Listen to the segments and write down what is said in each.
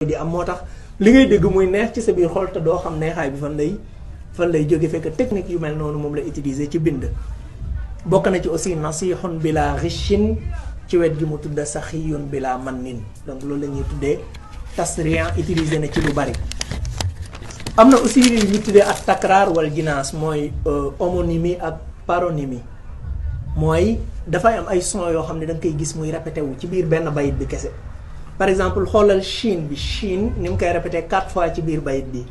di am moo tax li ngay dégg muy neex ci sa biir xol te doo xam neexaay bi fan lay fan lay jóge fekk technique yu mel noonu moom la utiliser ci bind bokk na ci aussi nasihun bila richin ci wet gi mu tudda saxiyun bila mannin donc loolu la ñuy tuddee tasrian utiliser na ci lu bari am na aussi li ñu ak takraar wal jinaas mooy euh, homonymie ak paronymie mooy dafay am ay son yoo xam ne da nga koy gis muy répété wu ci biir benn bayit bi kese par exemple xolal Chine bi Chine nim koy répéter quatre fois ci bir bayit bi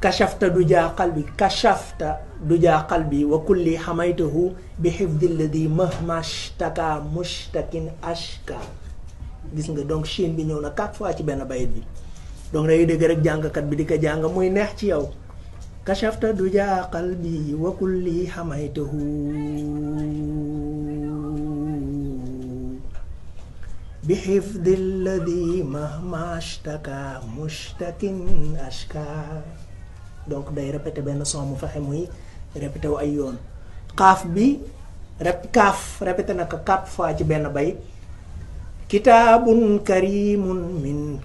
kashafta du ja qalbi kashafta du ja qalbi wa kulli hamaytuhu bi xifdi lladi mahma shtaka mushtakin ashka gis nga donc Chine bi ñew na quatre fois ci ben bayit bi donc day deug rek kat bi di ko muy neex ci yow kashafta du ja qalbi wa kulli hamaytuhu بحفظ الذي مهما اشتكى مشتك أشكى donc day répété benn son mu fexe muy bi rep kaaf répété na ko quatre fois ci benn bay kitaabun karimun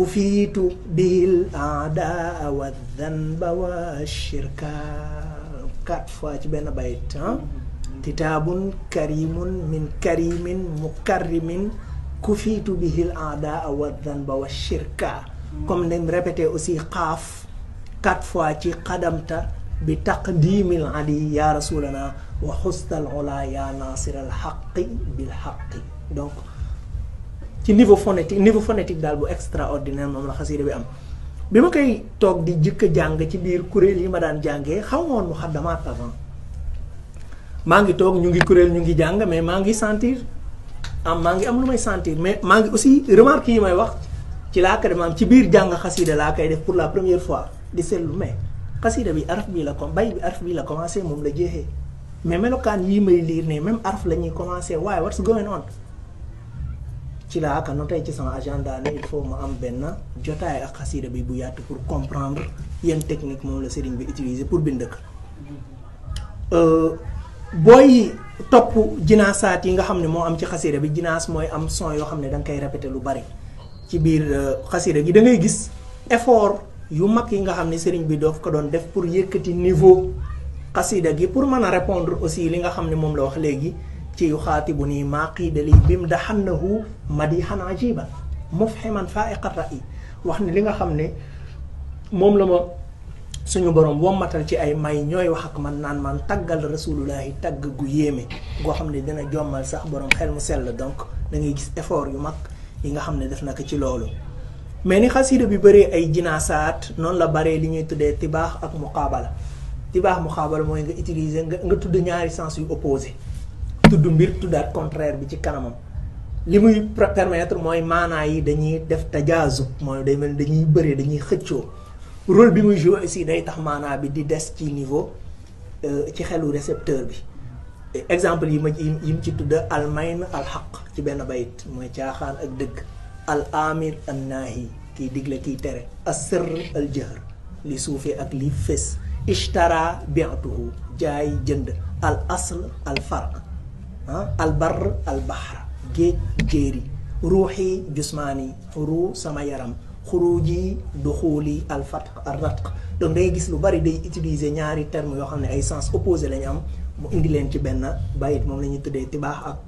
كفيت به الأعداء والذنب والشركات quatre fois ci benn bayit ah kitaabun karimun min karimin mukarrimin kufiitu bihil aada wa danba wa shirka comme ni répété aussi xaaf quatre fois ci xadamta bi taqdimil ali ya rasulana wa xustal ola ya nasiral xaqi bil xaqi donc ci niveau phonétique niveau phonétique daal bu extraordinaire moom la xasida bi am bi ma koy toog di jëkk jàng ci biir kuréel yi ma daan jàngee xaw ma woon mu xaddamaat avant maa ngi toog ñu ngi kuréel ñu ngi jàng mais maa ngi sentir am maa ngi am lu may sentir mais maa ngi aussi remarque yi may wax ci laa ko de maam ci biir jàng xasida laa koy def pour la première fois di seetlu mais xasida bi araf bii la ko bay bi araf bii la commencé moom la jeexee mais melokaan yii may liir ne même araf la ñuy commencé waaye what's going on ci laa ka notee ci sama agenda ne il faut ma am benn jotaay ak xasida bi bu yàtt pour comprendre yan technique moom la sëriñ bi utiliser pour bind ko euh, booy topp jinaasaat yi nga xam ne moo am ci xasida bi jinaas mooy am son yoo xam ne da nga koy répété lu bari ci biir euh, xasida gi da ngay gis effort yu mag yi nga xam ne sëriñ bi doof ko doon def pour yëkkati niveau xasida gi pour mën a répondre aussi li nga xam ne moom la wax léegi ci yuxaatibu nii maa qiida lii bim daxannahu madihan ajiban mufhiman faa'iqa ra'i wax ne li nga xam ne moom la ma suñu borom wommatal ci ay may ñooy wax ak man naan man taggal rasulullahi tagg gu yéeme goo xam ne dina jommal sax borom xel mu sell donc da gis effort yu mag yi nga xam ne def na ko ci loolu. mais ni xasida bi bëree ay jinaasaat noonu la bëree li ñuy tuddee tibaax ak muqaabala tibaax muqaabala mooy nga utiliser nga tudd ñaari sens yu opposé tudd mbir tuddaat contraire bi ci kanamam li muy permettre mooy mana yi dañuy def tajaazub mooy day mel dañuy bëri dañuy xëccoo rôle bi muy joué aussi day tax maanaa bi di des ci niveau euh, ci xelu récepteur bi exemple yi ma yi ci tudd almayn alxaq ci benn bayit mooy caaxaan ak dëgg al amir an nahi ki digle ki tere asir al jahr li suufee ak li fes ishtara bi'tuhu jaay jënd al asl al far ها البر البحر جيت جيري روحي جسماني رو سما يرم xuruuji duxuuli al fatx al ratq donc da ngay gis lu bari day utiliser ñaari termes yoo xam ne ay sens opposé lañu am mu indi leen ci benn bayit moom la ñuy tuddee tibaax ak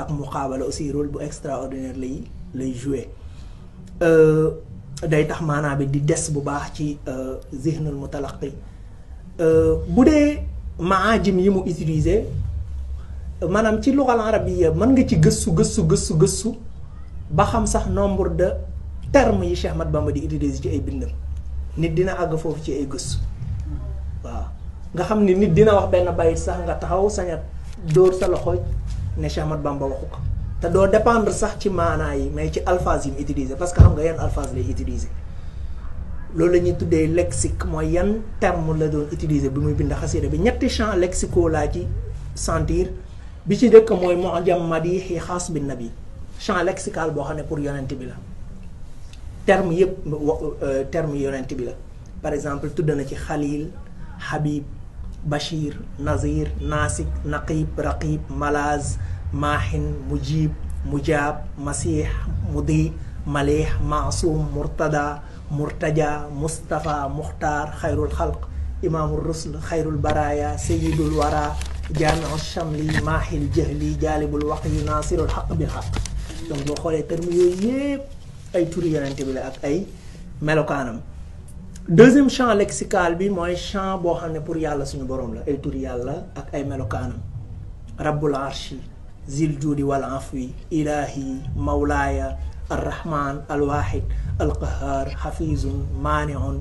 ak muqaabala aussi rôle bu extraordinaire lay lay joué day tax maanaa bi di des bu baax ci zihnul mutalaqi bu dee maajim yi mu utiliser maanaam ci luxal arabiyya mën nga ci gëstu gëstu gëstu gëstu ba xam sax nombre de termes yi Cheikh Ahmad Bamba di utiliser ci ay bindam nit dina àgg foofu ci ay gëstu waa nga xam ni nit dina wax benn bayit sax nga taxaw sañat dóor sa loxo ne Cheikh Ahmad Bamba waxu ko te doo dépendre sax ci maanaa yi may ci alphase yi mu utilisé parce que xam nga yan alphase lay utilisé loolu la ñuy tuddee lexique mooy yan terme la doon utiliser bi muy bind xasida bi ñetti champ lexicaux laa ci sentir bi ci dëkk mooy mojam madixi xaas bi nabi champ lexical boo xam ne pour yonent bi la terme yëpp euh, terme yonent bi la par exemple tudd na ci xalil habib bashir nazir nasik naqib raqib malaz maahin mujib mujaab masih mudi malih maasum murtada murtaja mustafa muxtaar xayrul xalq imaamul rusul xayrul baraya sayidul wara جامع الشمل ماحي الجهلي جالب الوحي ناصر الحق بالحق دونك بو خولي تيرم ييب اي توري يونت بي اك اي ملوكانم دوزيام شان ليكسيكال بي موي شان بو خاني بور يالا سونو بوروم لا اي توري يالا اك اي ملوكانم رب العرش زيل جودي والعفو الهي مولايا الرحمن الواحد القهار حفيظ مانع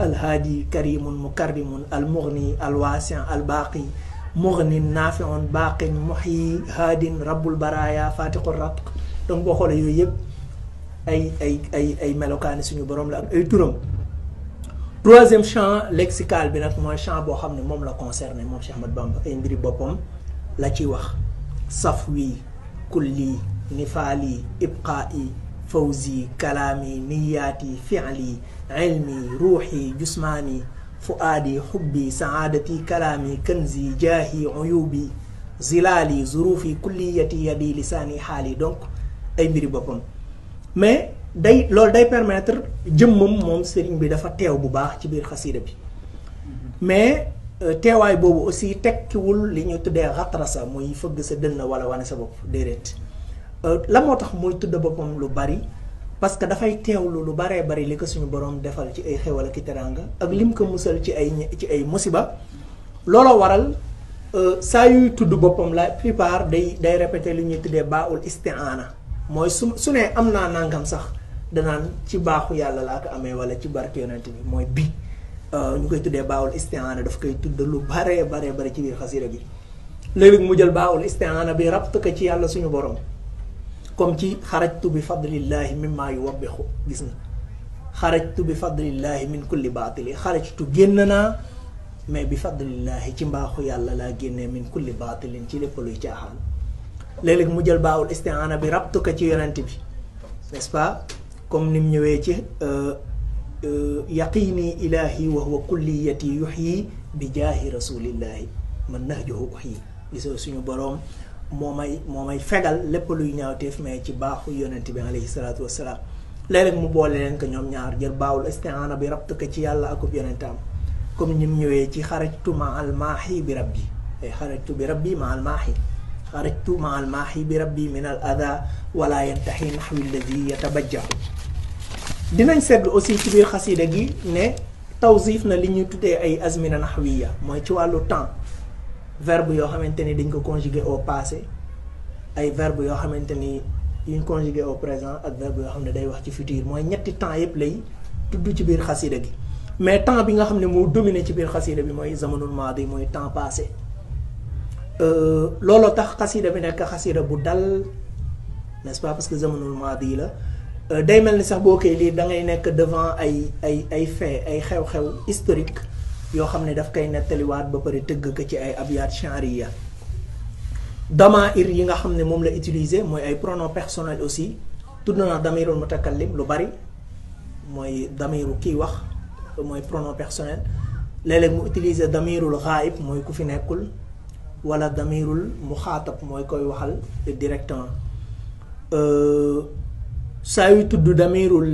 الهادي كريم مكرم المغني الواسع الباقي مغن نافع باق محي هاد رب البرايا فاتق الرزق donc boo xoolee yooyu yëpp ay ay ay ay melokaani suñu borom la ak ay turam troisième champ lexical bi nag mooy champ boo xam ne moom la concerné moom Cheikh Ahmad Bamba ay mbiri boppam la ci wax saf wii kulli nifaali ibqaa'i fawzi kalaami niyaati fi'li ilmi ruuxi jusmaani fuaadi xubbi saadati kalaami kanzi jaahi uyubi zilaali zurufi kulliyati yadi lisaani xaali donc ay mbiri boppam mais day loolu day permettre jëmmam moom sëriñ bi dafa teew bu baax ci biir xasiida bi mais euh, teewaay boobu aussi tekkiwul li ñuy tuddee xatrasa muy fëgg sa na wala wane sa bopp déedéet euh, la moo tax muy tudd boppam lu bari parce que dafay teewlu lu baree bari li ko suñu borom defal ci ay xewal ak teraanga ak lim ko musal ci ay ci ay musiba looloo waral euh, saa yuy tudd boppam la plupart day day répété li ñuy tuddee baaul istiaana mooy su su am naa nangam sax danaan ci baaxu yàlla laa amee wala ci barke bi mooy bi euh, ñu koy tuddee baawul istiaana daf koy tudd lu baree baree bari ci biir xasira bi léeg-léeg mu jël baawul istiaana bi rabt ko ci yàlla suñu borom comme ci xarajtu bi fadlillahi mimma yuwabbixu gis nga xarajtu bi fadlillahi min kulli baatili xarajtu génn naa mais bi fadlillahi ci mbaaxu yàlla laa génnee min kulli baatilin ci lépp luy caaxaan léeg-léeg mu jël baawul istiaana bi rabtu ko ci yonent bi n'est-ce pas comme ni mu ñëwee ci euh, euh, yaqiini ilaahi wa huwa kulliyati yuxyi bi jaahi rasulillahi man nahjuhu uxyi gisoo suñu boroom moo may moo may fegal lépp luy ñaawteef mais ci baaxu yonent bi alayhi salaatu wasalaam léeg-léeg mu boole leen ko ñoom ñaar jël baawul istiaana bi rabt ko ci yàlla akub yonentam comme ni mu ñëwee ci xarajtu ma almaahi bi rabbi ay xarajtu bi rabbi ma almaahi xarajtu ma almaahi bi rabbi min al ada wala yantaxi naxwi alladi yatabajjahu dinañ seetlu aussi ci biir xasida gi ne tawsif na li ñu tuddee ay azmina naxwiya mooy ci wàllu temps verbe yoo xamante ni dañ ko conjuguer au passé ay verbe yoo xamante ni yuñ conjuguer au présent ak verbe yoo xam ne day wax ci futur mooy ñetti temps yëpp lay tudd ci biir xasida gi mais temps bi nga xam ne moo dominé ci biir xasida bi mooy zamanul maadi mooy temps passé euh, looloo tax xasida bi nekk xasida bu dal n'est-ce pas parce que zamanul maadi la euh, day mel ni sax boo koy lii da ngay nekk devent ay ay ay fait ay xew-xew historique yo xamne daf kay netali wat ba bari teug ga ci ay abyaat chanriya damair yi nga xamne mom la utiliser moy ay pronom personnel aussi tout na damirul mutakallim lu bari moy damiru ki wax moy pronom personnel lele mu utiliser damirul ghaib moy ku fi nekul wala damirul mukhatab moy koy waxal directement euh sa yu tuddu damirul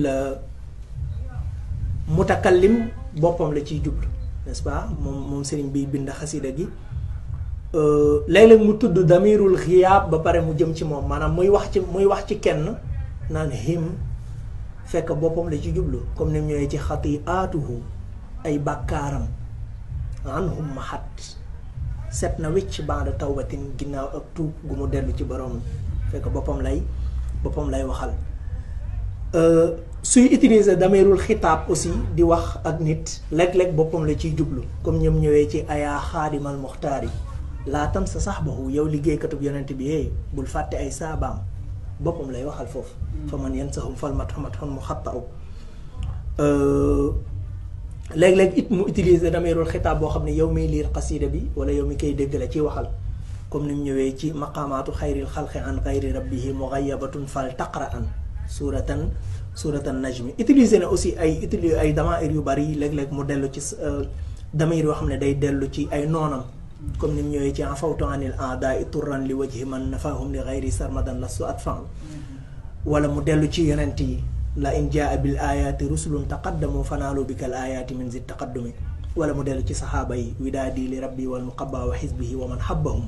mutakallim bopam la ci jublu n'est-ce pas moom moom sëriñ bi bind xasida gi euh, léeg-léeg mu tudd damirul xiyaab ba pare mu jëm ci moom maanaam muy wax ci muy wax ci kenn naan him fekk boppam la ci jublu comme ni mu ñëwee ci xatiaatuhu ay bàkkaaram anhum mahat set na wicc banda tawbatin ginnaaw ak tuub gu mu dellu ci borom fekk boppam lay boppam lay waxal euh, suy utiliser dameerul khitab aussi di wax ak nit leg leg boppam la ci djublu comme ñom ñewé ci khadim al mukhtari la tam sa sax yow yow katub yonent bi hey bul fàtte ay sabam boppam lay waxal fof fa man yansahum fal mat xamat xon mu xatta u it mu utiliser dameerul khitab bo xam yow may lire qasida bi wala yow mi kay dégg la waxal comme ni ñewé ci maqamatu khairil khalqi an ghairi rabbihi mughayyabatun fal taqra'an suuratan suuratan najmi utiliser na aussi ay utiliser ay damair yu bari leg leg mu delu ci dama yoo xam ne day delu ci ay nonam comme nim ñoy ci en fawtu anil ada turran li wajhi man nafahum li ghairi sarmadan lastu atfan wala mu delu ci yonenti la in jaa bil ayati rusulun taqaddamu fanalu bikal ayati min zi taqaddumi wala mu dellu ci saxaaba yi widaadi li rabbi wal muqabba wa xisbihi wa man habbahum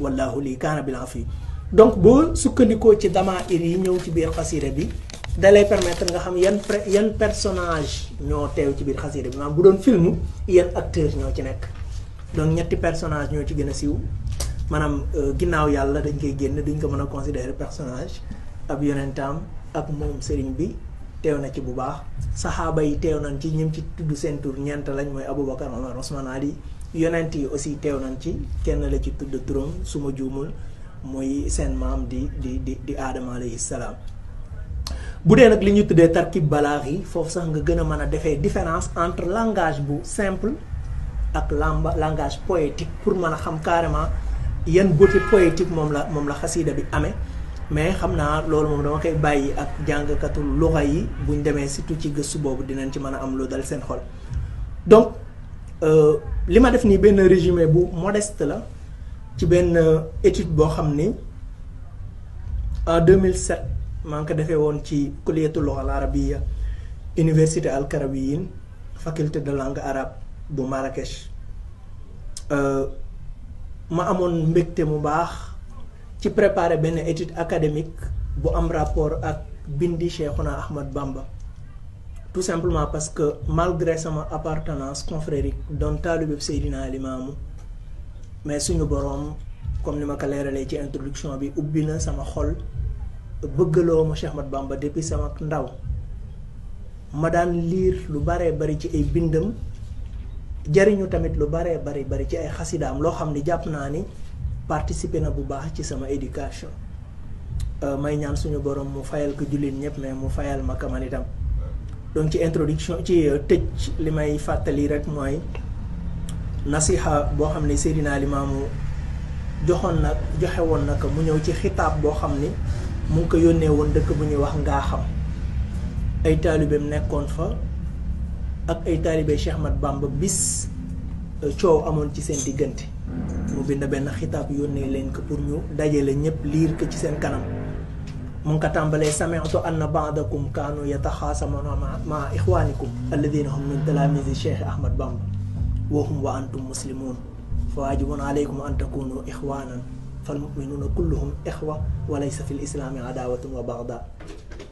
wallahu li kaana bil afi donc bo sukkandiko ci ir yi ñew ci biir xasida bi dalay permettre nga xam yan yan personnage ñoo teew ci biir xasida bi maanaam bu doon film yan acteur ñoo ci nekk donc ñetti personnage ñoo ci gën a siiw maanaam euh, ginnaaw yàlla dañ koy génn duñ ko mën a considérer personnage ab yonentaam ak moom sëriñ bi teew na ci bu baax saxaaba yi teew nañ ci ñim ci tudd seen tour ñent lañ mooy aboubacar omar osman ali yonent yi aussi teew nañ ci kenn la ci tudd turam suma juumul muy seen maam di di di di aadama alayhi bu dee nag li ñu tuddee tarkib balaax yi foofu sax nga gën a mën a defee différence entre langage bu simple ak lamba langage poétique pour mën a xam carrément yan beauté poétique moom la moom la xasiida bi amee mais xam naa loolu moom dama koy bàyyi ak jàngkatu luxa yi buñ demee surtout ci gëstu boobu dinañ ci mën a am lu dal seen xol donc euh, li ma def nii benn résumé bu modeste la ci benn étude boo xam ni en 2007 maa ngi ko defee woon ci kuliyatu luxa al arabiya université al karabiyin faculté de langue arabe bu Marrakech euh, ma amoon mbégte mu baax ci préparer benn étude académique bu am rapport ak bindi Cheikhuna Ahmad Bamba tout simplement parce que malgré sama appartenance confrérique doon taalibeb Seydina Limaamu mais suñu borom comme nima ma ko ci introduction bi ubbi na sama xol bëggaloo ma Cheikh Mat Bamba depuis sama ndaw ma daan lubare lu bare bari ci ay bindam jariñu tamit lu bare bari bare ci ay khassidam lo xamni ni na ni participer na bu baax ci sama éducation euh, may ñaan suñu borom mu fayal ko julline ñep mais mu fayal ma kaman tam donc ci introduction ci euh, tecc limay fatali rek moy nasiha boo xam ne Seydina Limaamu joxoon nag joxe woon na ko mu ñëw ci xitaab boo xam ni mu ngi ko yónnee woon dëkk bu ñuy wax ngaa xam ay taalibeem nekkoon fa ak ay taalibe Cheikh Mat Bamba bis euh, coow amoon ci seen diggante mu bind benn xitaab yónnee leen ko pour ñu dajale ñëpp liir ko ci seen kanam mu ngi ko tàmbalee sami'tu anna ba'dakum kaanu yataxaasamuuna ma ixwaanikum alladina hum min talaamisi Cheikh Ahmad Bamba وهم وأنتم مسلمون فواجب عليكم أن تكونوا إخوانا فالمؤمنون كلهم إخوة وليس في الإسلام عداوة وبغضاء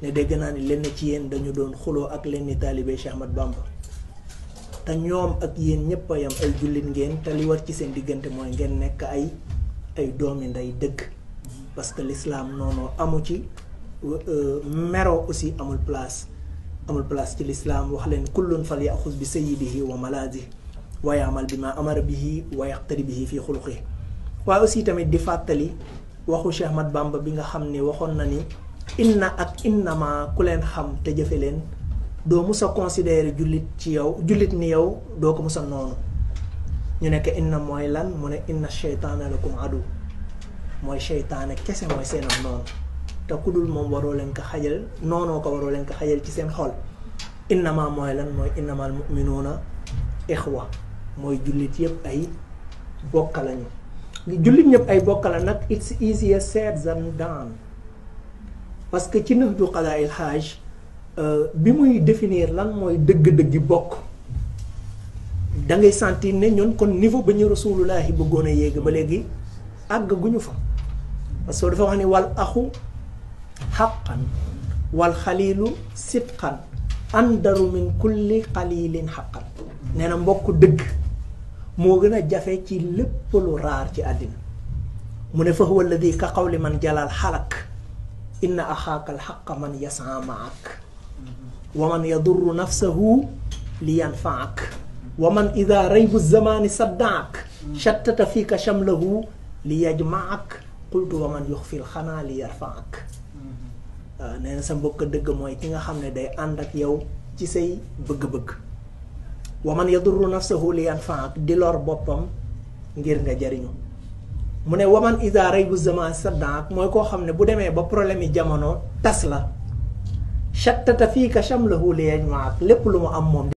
ne dégg naa ni lenn ci yéen dañu doon xuloo ak lenn taalibe Cheikh Ahmad Bamba te ñoom ak yéen ñëpp a yam ay jullit ngeen te li war ci seen diggante mooy ngeen nekk ay ay doomi nday dëgg parce que l'islam noonu amu ci meroo aussi amul place amul place ci l'islam wax leen kullun fal yaxus bi sayyidihi wa malaadihi wa yaamal bi ma amara bihi wa yaqtadi bihi fii xuluqi waaye aussi tamit di fàttali waxu Cheikh Ahmad Bamba bi nga xam ni waxoon na ni inna ak innama ku leen xam te jëfe leen doo mus a considéré jullit ci yow jullit ni yow doo ko mus noonu ñu nekk inna mooy lan mu ne inna seytaane lakum adu mooy seytaane kese mooy seenam noonu te ku dul moom waroo leen ko xajal noonoo ko waroo leen ko xajal ci seen xol innama mooy lan mooy innamal muminuuna ixwa mooy jullit yëpp ay bokk lañu jullit ñëpp ay bokk la nag it's easier said than que ci nëx du xalaa il xaaj euh, bi muy définir lan mooy dëgg-dëggi bokk da ngay sentir ne ñun kon niveau ba ñu rasulullahi bëggoon a yéeg ba léegi àgg gu ñu fa parce que dafa wax ni wal axu xaqan wal xaliilu sidqan andaru min kulli xaliilin xaqan nee na mbokk dëgg moo gën a jafe ci lépp lu raar ci àddina mu ne fa huwa alladi ka qawli man jalal xalak inna axaaka alxaqa man yasaa maak wa man yadurru nafsahu li yanfaak wa man ida raybu zamaani saddaak shattata fiika shamlahu li yajmaak qultu wa man yuxfil xanaa li yarfaak nee na sa mbokk dëgg mooy ki nga xam ne day ànd ak yow ci say bëgg-bëgg wa man yadurru nafsahu li yanfa ak di lor boppam ngir nga jariñu mu ne waman isa rey bu zaman saddan ak mooy koo xam ne bu demee ba problème yi jamono tas la chattata fii ka chamlahu li yajma ak lépp lu mu am moom